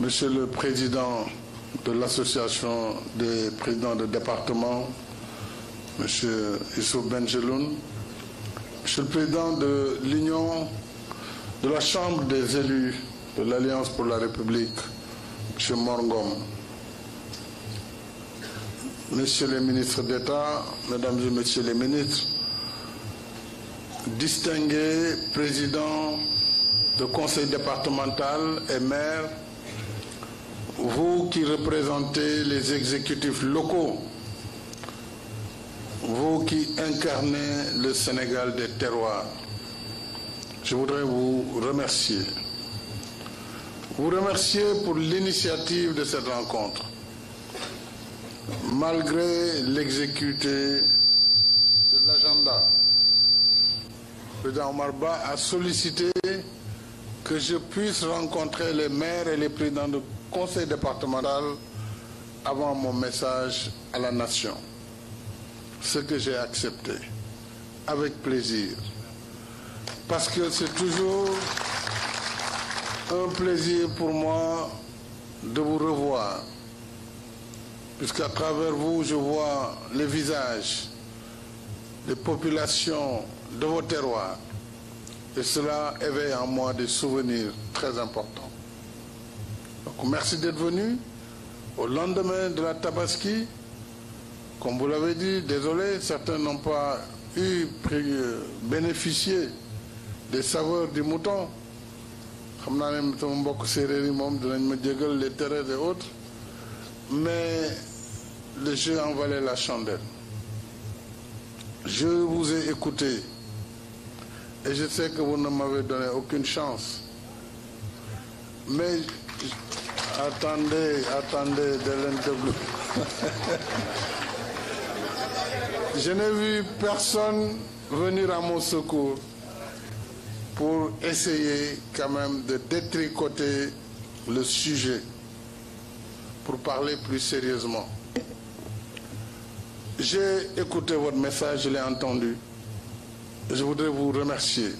Monsieur le Président de l'Association des présidents de département, Monsieur Issou Benjeloun, Monsieur le Président de l'Union de la Chambre des élus de l'Alliance pour la République, Monsieur les ministres le ministre d'État, Mesdames et Messieurs les ministres, distingués présidents de conseil départemental et maires, vous qui représentez les exécutifs locaux, vous qui incarnez le Sénégal des terroirs, je voudrais vous remercier. Vous pour l'initiative de cette rencontre. Malgré l'exécuté de l'agenda, le président Omar Ba a sollicité que je puisse rencontrer les maires et les présidents de conseil départemental avant mon message à la nation. Ce que j'ai accepté, avec plaisir, parce que c'est toujours un plaisir pour moi de vous revoir, puisqu'à travers vous, je vois les visages des populations de vos terroirs, et cela éveille en moi des souvenirs très importants. Donc merci d'être venu. Au lendemain de la Tabaski, comme vous l'avez dit, désolé, certains n'ont pas eu euh, bénéficié des saveurs du mouton. xam naa ne sama mbokk séeréer yi moom dinañ ma jégal les terres mais le jeu en valait la chandelle je vous ai écouté et je sais que vous ne m'avez donné aucune chance mais Attendez, attendez de l'interview. Je n'ai vu personne venir à mon secours pour essayer quand même de détricoter le sujet pour parler plus sérieusement. J'ai écouté votre message, je l'ai entendu. Je voudrais vous remercier.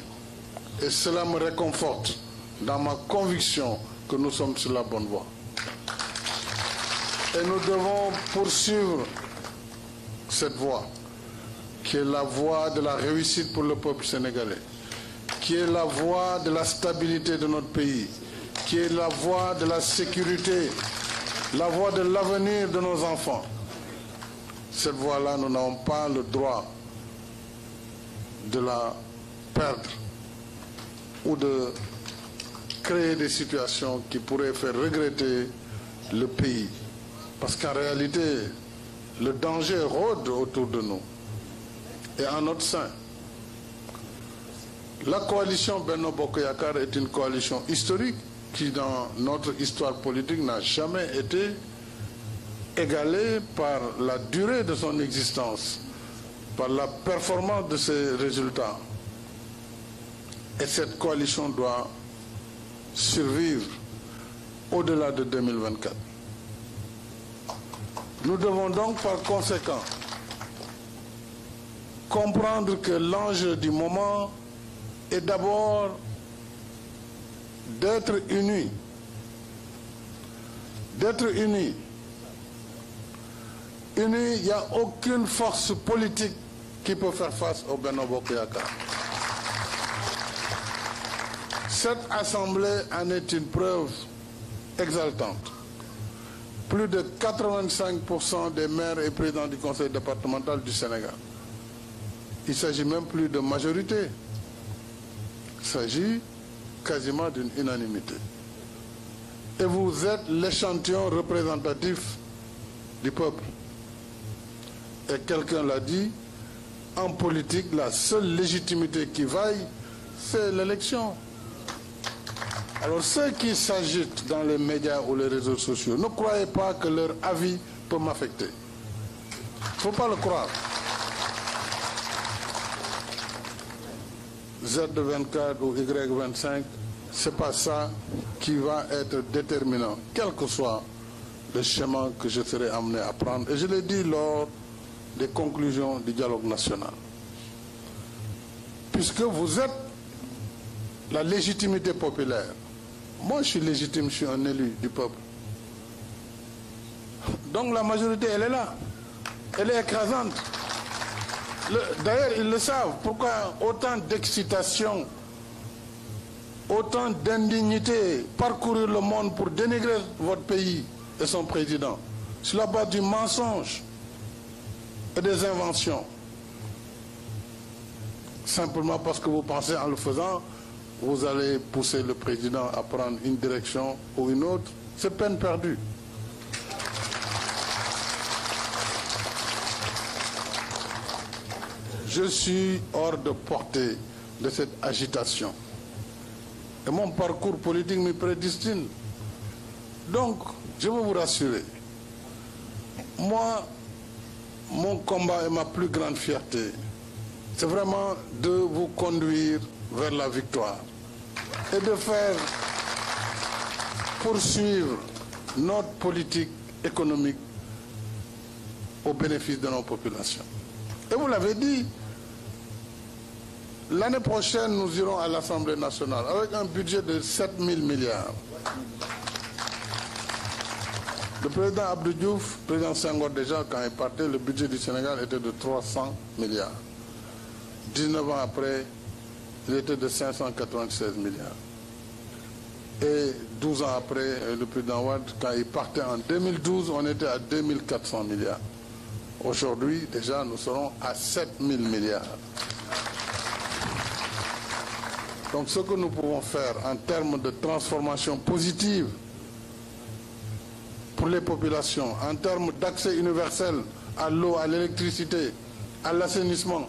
Et cela me réconforte dans ma conviction que nous sommes sur la bonne voie. Et nous devons poursuivre cette voie, qui est la voie de la réussite pour le peuple sénégalais, qui est la voie de la stabilité de notre pays, qui est la voie de la sécurité, la voie de l'avenir de nos enfants. Cette voie-là, nous n'avons pas le droit de la perdre ou de créer des situations qui pourraient faire regretter le pays. Parce qu'en réalité, le danger rôde autour de nous et en notre sein. La coalition Benno Bokoyakar est une coalition historique qui, dans notre histoire politique, n'a jamais été égalée par la durée de son existence, par la performance de ses résultats. Et cette coalition doit survivre au-delà de 2024. Nous devons donc par conséquent comprendre que l'enjeu du moment est d'abord d'être unis, d'être uni Unis, il n'y aucune force politique qui peut faire face au Benobo Koyaka. Cette assemblée en est une preuve exaltante. Plus de 85% des maires et présidents du conseil départemental du Sénégal. Il même plus de majorité. Il s'agit quasiment d'une unanimité. Et vous êtes l'échantillon représentatif du peuple. Et quelqu'un l'a dit, en politique, la seule légitimité qui vaille, c'est l'élection. Alors ceux qui s'agitent dans les médias ou les réseaux sociaux, ne croyez pas que leur avis peut m'affecter. Il ne faut pas le croire. Z24 ou Y25, ce n'est pas ça qui va être soit le schéma que je à prendre. Et je l'ai dit lors des conclusions national. Puisque vous êtes la légitimité populaire, Moi, je suis légitime, je suis un élu du peuple. Donc la majorité, elle est là. Elle est écrasante. D'ailleurs, ils le savent. Pourquoi autant d'excitation, autant d'indignité, parcourir le monde pour dénigrer votre pays et son président Sur la base du mensonge et des inventions. Simplement parce que vous pensez en le faisant vous allez pousser le président à prendre une direction ou une autre, c'est peine perdue. Je suis hors de portée de cette agitation. Et mon parcours politique me prédestine. Donc, je veux vous rassurer. Moi, mon combat est ma plus grande fierté. C'est vraiment de vous conduire vers la victoire et de faire poursuivre notre politique économique au bénéfice de nos populations. Et vous l'avez dit, l'année prochaine, nous irons à l'Assemblée nationale avec un budget de 7 000 milliards. Le président Abdou Diouf, président Senghor déjà, quand il partait, le budget du Sénégal était de 300 milliards. 19 ans après, il était de 596 milliards. Et 12 ans après, euh, le président Ouad, quand il partait en 2012, on était à 2400 milliards. Aujourd'hui, déjà, nous serons à 7000 milliards. Donc ce que nous pouvons faire en termes de transformation positive pour les populations, en termes d'accès universel à l'eau, à l'électricité, à l'assainissement,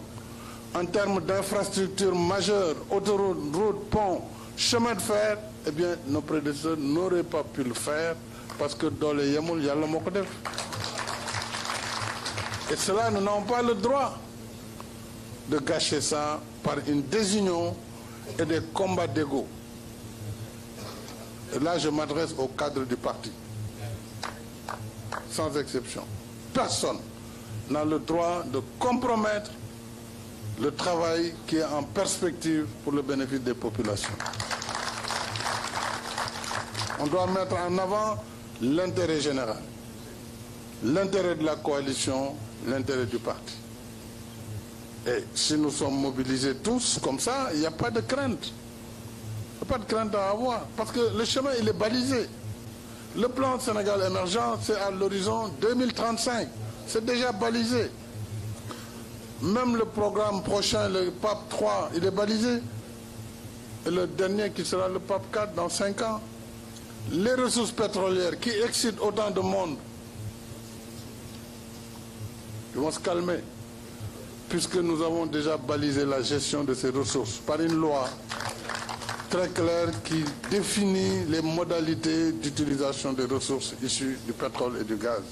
en termes d'infrastructures majeures, autoroutes, routes, ponts, chemin de fer, eh bien, nos prédécesseurs n'auraient pas pu le faire parce que dans les Yamoul, il y a le Mokodef. Et cela, nous n'avons pas le droit de gâcher ça par une désunion et des combats d'ego. Et là, je m'adresse au cadre du parti, sans exception. Personne n'a le droit de compromettre le travail qui est perspective pour le bénéfice des populations. On doit mettre en avant l'intérêt général, l'intérêt la coalition, l'intérêt du parti. Et si nous sommes mobilisés tous comme ça, il n'y a pas de crainte. Il n'y a pas de crainte à est balisé. Le plan Sénégal émergent, c'est à l'horizon 2035. C'est Même le programme prochain, le pape 3, il est balisé. Et le dernier qui sera le pape 4 dans cinq ans. Les ressources pétrolières qui excitent autant de monde, ils vont se calmer, puisque nous avons déjà balisé la gestion de ces ressources par une loi très claire qui définit les modalités d'utilisation des ressources issues du pétrole et du gaz.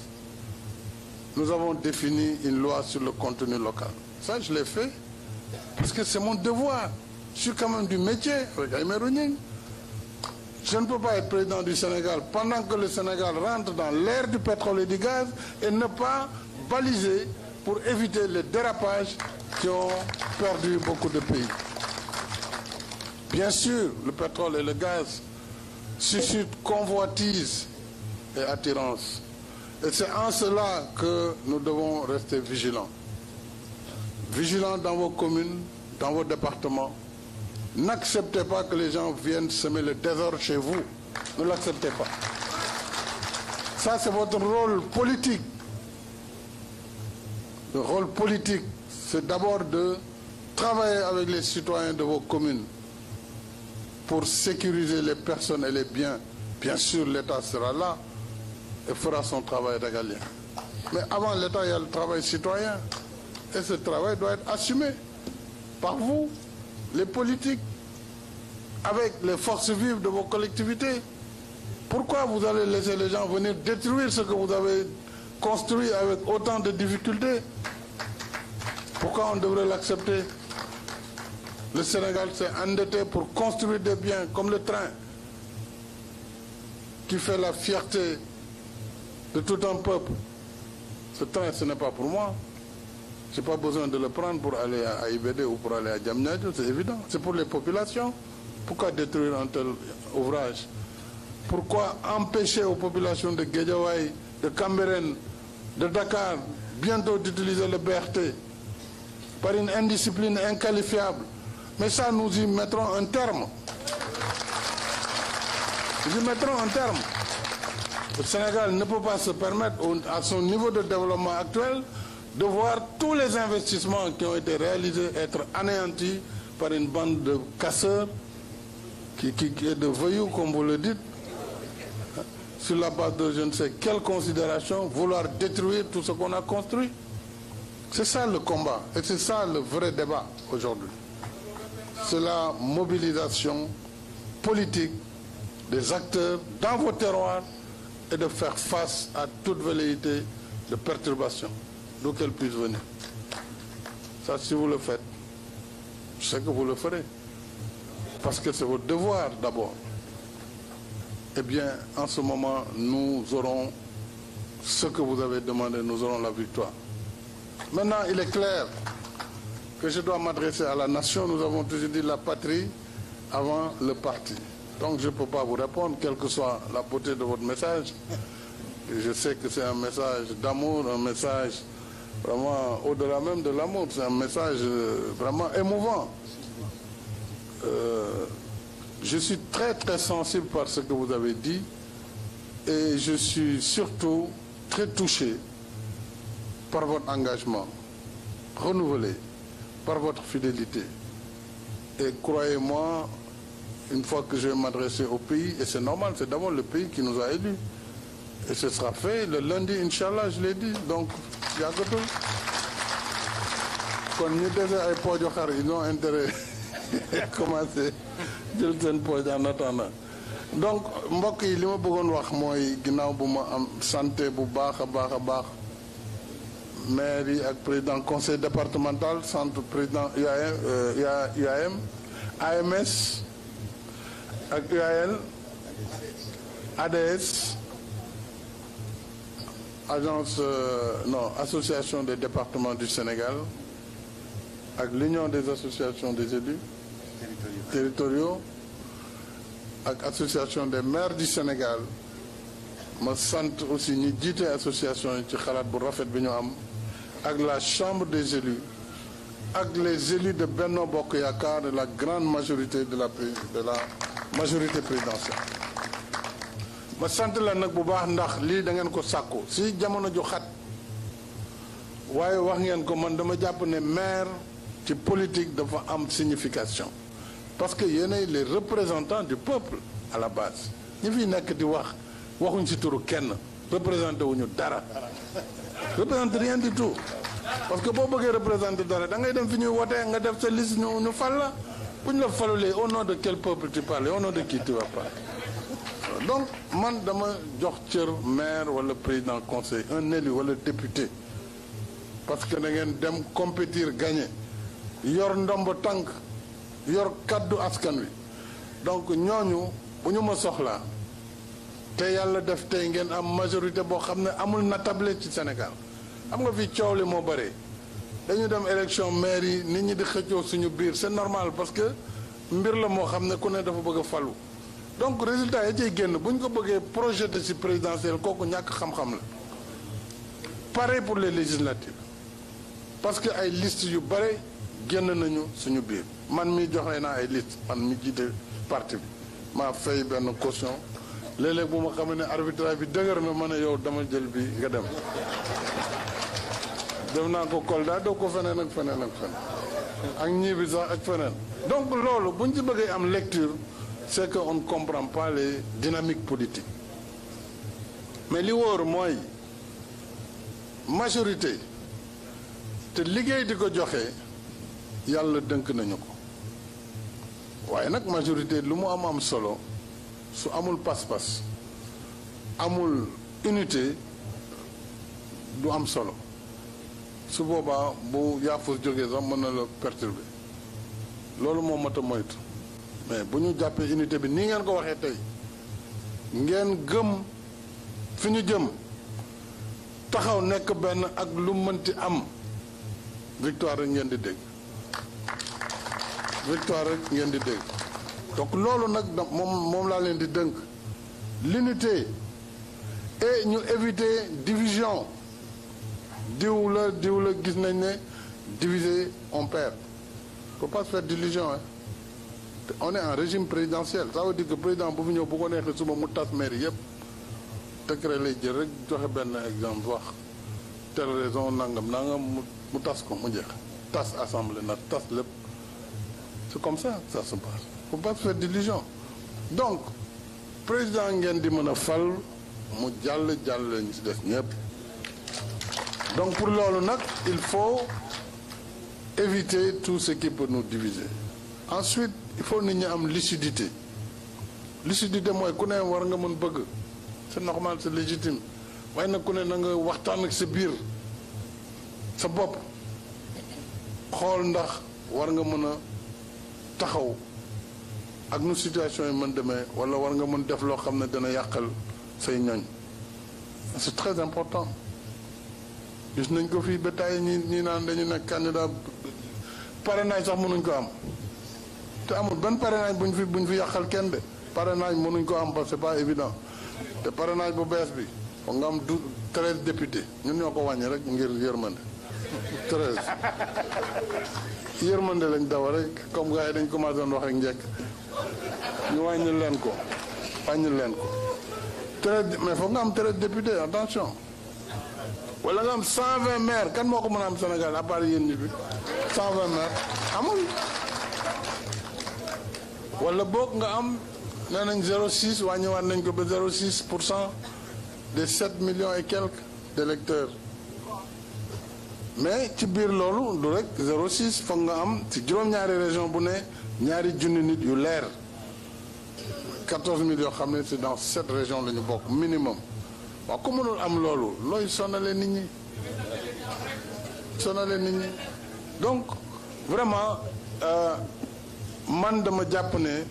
nous avons défini une loi sur le contenu local. Ça, je l'ai fait parce que c'est mon devoir. Je suis quand même du métier, regarde mes Je ne peux pas être président du Sénégal pendant que le Sénégal rentre dans l'ère du pétrole et du gaz et ne pas baliser pour éviter les dérapages qui ont perdu beaucoup de pays. Bien sûr, le pétrole et le gaz suscitent convoitise et attirance. Et c'est en cela que nous devons rester vigilants. Vigilants dans vos communes, dans vos départements. N'acceptez pas que les gens viennent semer le désordre chez vous. Ne l'acceptez pas. c'est votre politique. Le rôle politique, c'est d'abord de travailler avec les citoyens de vos communes pour sécuriser les personnes et les biens. Bien sûr, l'État sera là, et fera son travail régalien. Mais avant l'État, il y a le travail citoyen. Et ce travail doit être assumé par vous, les politiques, avec les forces vives de vos collectivités. Pourquoi vous allez laisser les gens venir détruire ce que vous avez construit avec autant de difficultés Pourquoi on devrait l'accepter Le Sénégal s'est endetté pour construire des biens comme le train qui fait la fierté de tout un peuple. Ce train, ce n'est pas pour moi. Je n'ai pas besoin de le prendre pour aller à IBD ou pour aller à Djamnyadjo, c'est évident. C'est pour les populations. Pourquoi détruire un tel ouvrage Pourquoi empêcher aux populations de Guédiawaï, de Cambérène, de Dakar, bientôt d'utiliser le BRT par une indiscipline inqualifiable Mais ça, nous y mettrons un terme. Nous y mettrons un terme. le Sénégal ne peut pas se permettre à son niveau de développement actuel de voir tous les investissements qui ont été réalisés être anéantis par une bande de casseurs qui, qui, qui est de voyous, comme vous le dites, sur la base de je ne sais quelle considération, vouloir détruire tout ce qu'on a construit. C'est ça le combat et c'est ça le vrai débat aujourd'hui. C'est la mobilisation politique des acteurs dans vos terroirs et de faire face à toute velléité de perturbation, d'où qu'elle puisse venir. Ça, si vous le faites, je sais que vous le ferez. Parce que c'est votre devoir d'abord. Eh bien, en ce moment, nous aurons ce que vous avez demandé, nous aurons la victoire. Maintenant, il est clair que je dois m'adresser à la nation. Nous avons toujours dit la patrie avant le parti. Donc je ne peux pas vous répondre, quelle que soit la beauté de votre message. Je sais que c'est un message d'amour, un message vraiment au-delà même de l'amour. C'est un message euh, vraiment émouvant. Euh, je suis très très sensible par ce que vous avez dit et je suis surtout très touché par votre engagement renouvelé, par votre fidélité. Et croyez-moi, une fois que je vais m'adresser au pays, et c'est normal, c'est d'abord le pays qui nous a élus. Et ce sera fait le lundi, Inch'Allah, je l'ai dit. Donc, yàggatul kon ñu dese ay pooju xar yi ñoo intérêt commencé jël seen pooj en attendant donc mbokk yi li ma bëggoon wax mooy ginnaaw bu ma am santé bu baax a baax a baax maire yi ak président conseil départemental centre président UAM UAM euh, AMS ak UAL ADS agence euh, non association des départements du Sénégal ak l'union des associations des élus territoriaux ak association des maires du Sénégal ma sant aussi ñi jiite association yi ci xalaat bu rafet bi ñu am ak la chambre des élus ak les élus de Benno Bokk Yaakaar de la grande majorité de la de la majorité présidentielle ma sant la nag bu baax ndax lii da ngeen ko sàkku si jamono ju xat waaye wax ngeen ko man dama jàpp ne maire ci politique dafa am signification parce que yéenay les représentants du peuple à la base ñi fi nekk di wax waxuñ si turu kenn représenté wuñu dara représenté rien di tout parce que boo bëggee représenté dara da ngay dem fi ñuy wotee nga def sa liste ñu ñu fal la bu ñu la falulee au nom de quel peuple tu parles au nom de qui tu vas donc man dama jox cër maire wala président conseil un néli wala député parce que da ngeen dem compétir gagner yor ndomb tànk yor kaddu askan wi donc ñooñu bu ñu ma soxlaa te yàlla def tey ngeen am majorité boo xam ne amul natable ci Sénégal xam nga fi coow li moo bëree dañu dem élection maire yi nit ñi di xëccoo suñu biir c'est normal parce que mbir la moo xam ne ku ne dafa bëgg a falu donc résultat ya cay génn bu ñu ko bëggee projeté ci présidentielle kooku ñàkk xam-xam la pare pour les législatives parce que ay liste yu bare génn nañu suñu biir man mi joxe naa ay liste man mi jiite parti bi maa fay benn caution léeg-léeg bu ma xamee ne arbitrage bi dëgër na mën a yow dama jël bi nga dem def naa ko Kolda def ko feneen ak feneen ak feneen ak ñibi sax ak feneen donc loolu bu ñu ci bëggee am lecture c'est que on ne comprend pas les dynamiques mais li woor mooy majorité te liggéey di ko joxe yàlla dënk nañu ko waaye nag majorité lu mu am am solo su amul pas-pas amul unité du am solo su boobaa bu yaafus jógee sax mën na la perturber loolu moom mat moytu mais bu ñu jàppee unité bi nii ngeen ko waxee tey ngeen gëm fi ñu jëm taxaw nekk benn ak lu mënti am victoire rek ngeen di dégg victoire rek ngeen di dégg donc loolu nag moom laa leen di dënk l'unité et ñu éviter division diw la diw la gis nañ ne divisé on perd faut pas se faire d'illusion hein on est en régime présidentiel ça veut dire que président bu fi ñëw bu ko neexee suba mu tas mairie yëpp décret lay jël rek joxe benn exemple wax telle raison nangam nangam mu tas ko mu jeex tas assemblée na tas lépp c'est comme ça ça se passe faut pas faire d'illusion donc président ngeen di mën a fal mu jàll jàll lañu si des ñëpp donc pour loolu nag il faut éviter tout ce qui peut nous diviser ensuite il faut nit ñu am lucidité lucidité mooy ku ne war nga mën bëgg c'est normal sa légitime waaye nag ku ne na nga waxtaan ak sa biir sa bopp xool ndax war nga mën a taxaw ak nu situation yi mën demee wala war nga mën def loo xam ne dana yàqal say ñooñ c'est très important gis nañ ko fii ba tey ñi ñi naan dañu nekk candidat parrainage sax mënuñ ko am te amul benn parrainage buñ fi buñ fi yàqal kenn de parrainage mënuñ ko am parce que c'est pas évident te parrainage bu bees bi foog nga am du treize députés ñun ñoo ko wàññi rek ngir yërmande treize yërmande lañ dawa rek comme gars yi dañ commencé doon wax rek njëkk ñu wàññi leen ko wàññi leen ko treize mais foog nga am treize députés attention wala nga am 120 maires kan moo ko mën a am Sénégal à part yéen bi 120 maires amul wala boog nga am nee nañ 0,6 ñëwaat nañ ko ba 0,6 pour cent des 7 millions et quelques d'électeurs mais ci biir loolu du rek 0,6 foog nga am ci juróom-ñaari région bu ne ñaari junni nit yu leer 14 millions yoo xam ne c'est dans 7 régions la ñu bokk minimum. boo ko mënul am loolu looy sonale nit ñi sonale nit ñi donc vraiment euh, man dama jàpp ne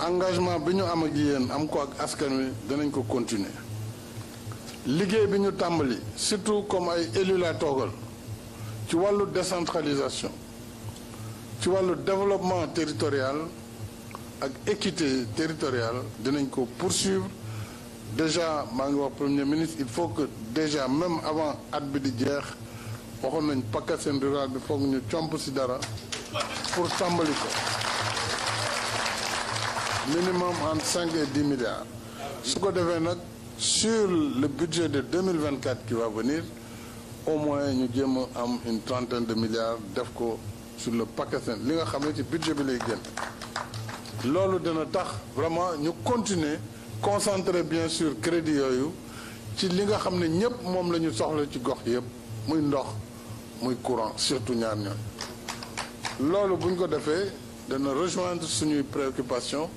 engagement bi ñu am ak yéen am ko ak askan wi danañ ko continuer liggéey bi ñu tàmbali surtout comme ay élu laa toogal ci wàllu décentralisation ci wàllu développement territorial ak équité territoriale dinañ ko poursuivre déjà maa ngi wax premier ministre il faut que déjà même avant at bi di jeex waxoon nañ pakkat seen rural bi foog ñu comp si dara pour tàmbali ko minimum en cinq et dix milliards su ko defee nag sur le budget de 2024 qui va venir au moins ñu jéem a am une trentaine de milliards def ko sur le paquet seen li nga xam ne ci budget bi lay génn loolu dina tax vraiment ñu continuer concentré bien sur crédit yooyu ci li nga xam ne ñëpp moom la ñu soxla ci gox yëpp muy ndox muy courant surtout ñaar ñooñ loolu bu ko defee dana rejoindre suñuy préoccupation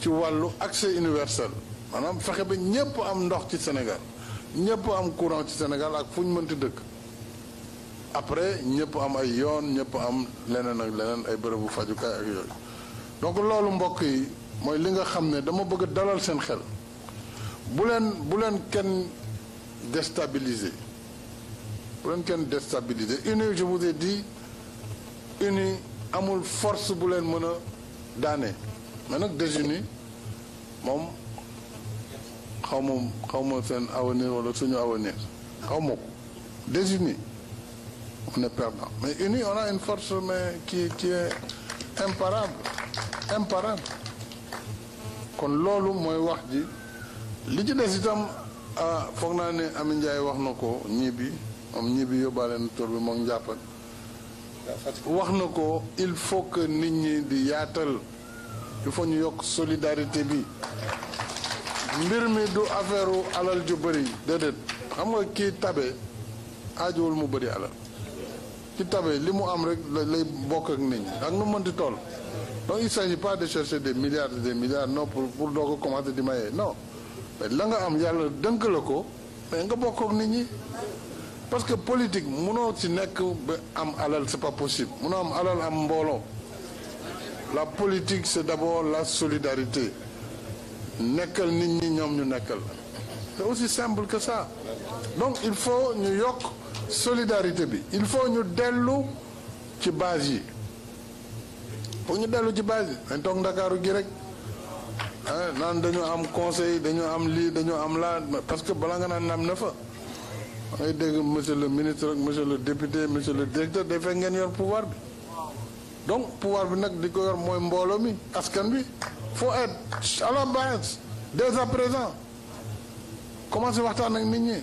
ci wàllu accès universel maanaam fexe ba ñëpp am ndox ci Sénégal ñëpp am courant ci Sénégal ak fu ñu mënti dëkk après ñëpp am ay yoon ñëpp am leneen ak leneen ay bërëbu fajukaay ak yooyu donc loolu mbokk yi. mooy li nga xam ne dama bëgg dalal seen xel buleen buleen kenn déstabiliser bu leen kenn déstabiliser uni je vous ai uni amul force bu leen mën a daane mais nag désuni moom xaw ma xaw ma seen avenir wala suñu avenir xaw ma ko désuni on est perdant mais uni on a une force mais qui qui est imparable imparable kon loolu mooy wax ji li ci des itam ah foog naa ne Ami Ndiaye wax na ko ñii bi am bi yóbbaale na tur bi moom njàppan wax na ko il faut que nit ñi di yaatal il faut ñu yokk solidarité bi mbir mi du affaire alal ju bari déedéet xam nga kii tabe ajowul mu bari alal ki tabe li mu am rek lay bokk ak nit ñi ak nu mënti toll donc il s'agit pas de chercher des milliards et des milliards non pour pour doo ko commencer di maye non mais la nga am yàlla dënk la ko mais nga bokk ak nit ñi parce que politique mënoo si nekk ba am alal c'est pas possible mënoo am alal am mbooloo la politique c'est d'abord la solidarité nekkal nit ñi ñoom ñu nekkal c'est aussi simple que ça donc il faut ñu yokk solidarité bi il faut ñu dellu ci base yi pour ñu dellu ci base yi dañ toog ndakaaru gi rek ah, naan dañu am conseil dañu am lii dañu am laa parce que balaa nga naan am na fa da ngay dégg monsieur le ministre ak monsieur le député monsieur le directeur day fekk ngeen yor pouvoir bi donc pouvoir bi nag di ko yor mooy mbooloo mi askan bi faut être à la base dès à présent commencé waxtaan ak nit ñi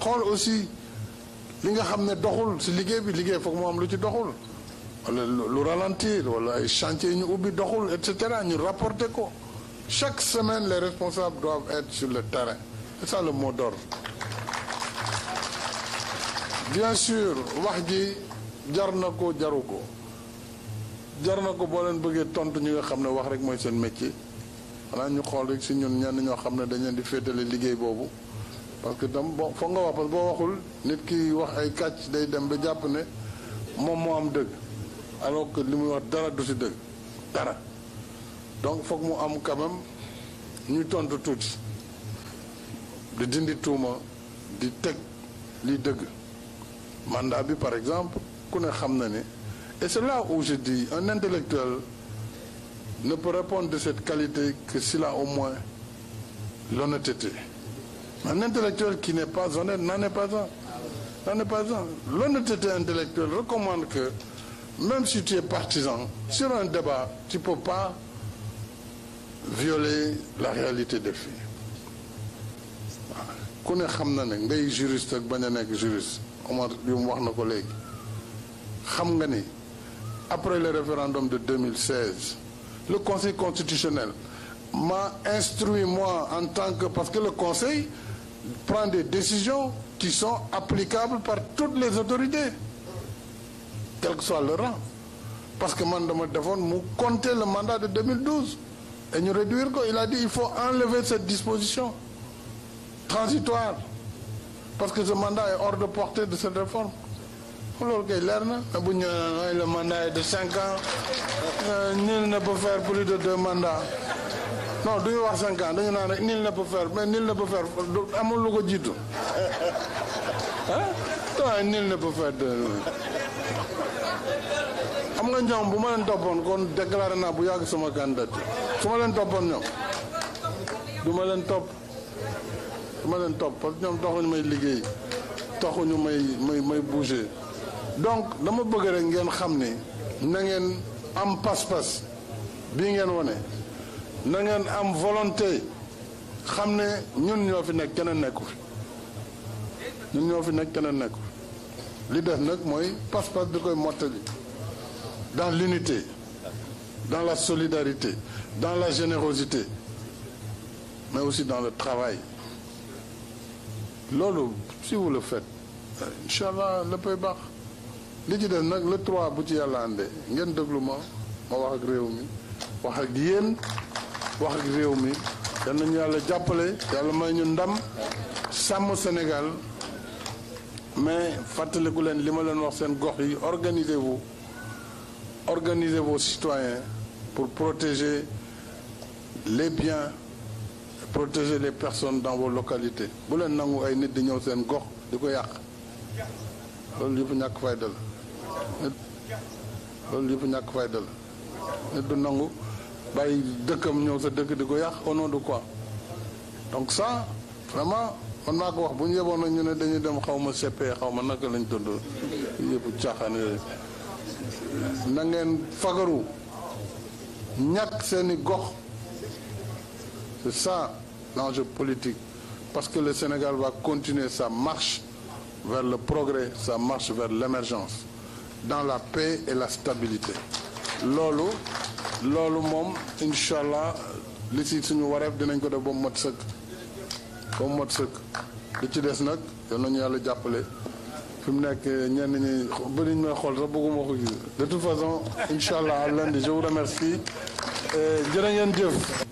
xool aussi li nga xam ne doxul si liggéey bi liggéey foog moo am lu ci doxul wala lu ralentir wala ay chantier ñu ubbi doxul et cetera ñu rapporter ko chaque semaine les responsables doivent être sur le terrain c'est ça le mot d'ordre bien sûr wax ji jar na ko jaru ko jar na ko boo leen bëggee tontu ñi nga xam ne wax rek mooy seen métier xanaa ñu xool rek si ñun ñenn ñoo xam ne dañ leen di féetale liggéey boobu parce que tam bon foog nga wax parce boo waxul nit ki wax ay kàcc day dem ba jàpp ne moom moo am dëgg alors que li muy wax dara du si dëgg dara donc foog mu am quand ñuy ñu tontu tuuti di dindi tuuma di teg li dëgg mandat bi par exemple ku ne xam na ne et c'est là où je dis un intellectuel ne peut répondre de cette qualité que s'il a au moins l'honnêteté un intellectuel qui n'est pas honnête n'en est pas un n'en est pas un l'honnêteté intellectuelle recommande que même si tu es partisan, sur un débat, tu ne peux pas violer la réalité des faits. ku ne xam na ne ngay juriste ak bañ a nekk juriste Omar yu mu wax na ko léegi xam nga ni après le référendum de 2016 le conseil constitutionnel m'a instruit moi en tant que parce que le conseil prend des décisions qui sont applicables par toutes les autorités quel que soit le rang parce que man dama defoon mu compter le mandat de 2012 ñu réduire ko il a dit il faut enlever cette disposition transitoire parce que ce mandat est hors de portée de cette réforme loolu kay leer na bu ñu nee euh, le mandat est de cinq ans euh, nul ne faire plus de deux mandats non du ñu wax cinq ans dañu naan rek nul ne peut faire mais nul ne peut faire amul lu ko jiitu ah nul ne faire de. xam nga ñoom bu ma leen toppoon kon déclaré naa bu yàgg sama candidature su leen toppoon ñoom ma leen topp ma leen topp ñoom taxuñu may liggéey taxuñu may may may bouger donc dama bëgg rek ngeen xam ni na ngeen am pas-pas bii ngeen wane na ngeen am volonté xam ne ñun ñoo fi nekk keneen nekku fi ñun ñoo fi nekk keneen nekku fi li def nag mooy pas-pas di koy mottali dans l'unité, dans la solidarité, dans la générosité, mais aussi dans le travail. loolu si vous le faites incha allah léppay baax li ci def nag le trois bu ci yàlla àndee ngeen déglu ma ma wax ak réew mi wax ak yéen wax ak réew mi yal nañu yàlla jàppale yàlla may ñu ndam sàmm Sénégal mais fàttaliku leen li ma leen wax seen gox yi organisez-vous. organisez vos citoyens pour protéger les biens protéger les personnes dans vos localités bu leen nangu ay nit di ñëw seen gox di ko yàq loolu yëpp ñàkk fayda la loolu yëpp ñàkk nit du nangu bàyyi dëkkam ñëw sa dëkk di ko yàq au nom de donc ça vraiment man naa ko wax bu ñu yeboon nag ñu ne dañuy dem xaw ma CP xaw ma naka lañ dund yëpp caaxaan yooyu na ngeen fagaru ñàkk seeni gox c'est ça l'enjeu politique parce que le Sénégal va continuer sa marche vers le progrès sa marche vers l'émergence dans la paix et la stabilité loolu loolu moom incha allah li si suñu wareef dinañ ko def ba mu mot sëkk ba mu sëkk li ci des nag yow nañu yàlla jàppale fi mu nekk ñenn ñi bëriñ may xool sax bëgguma ko gis de toute façon incha allah lundi je vous remercie euh, jërë ngeen jëf.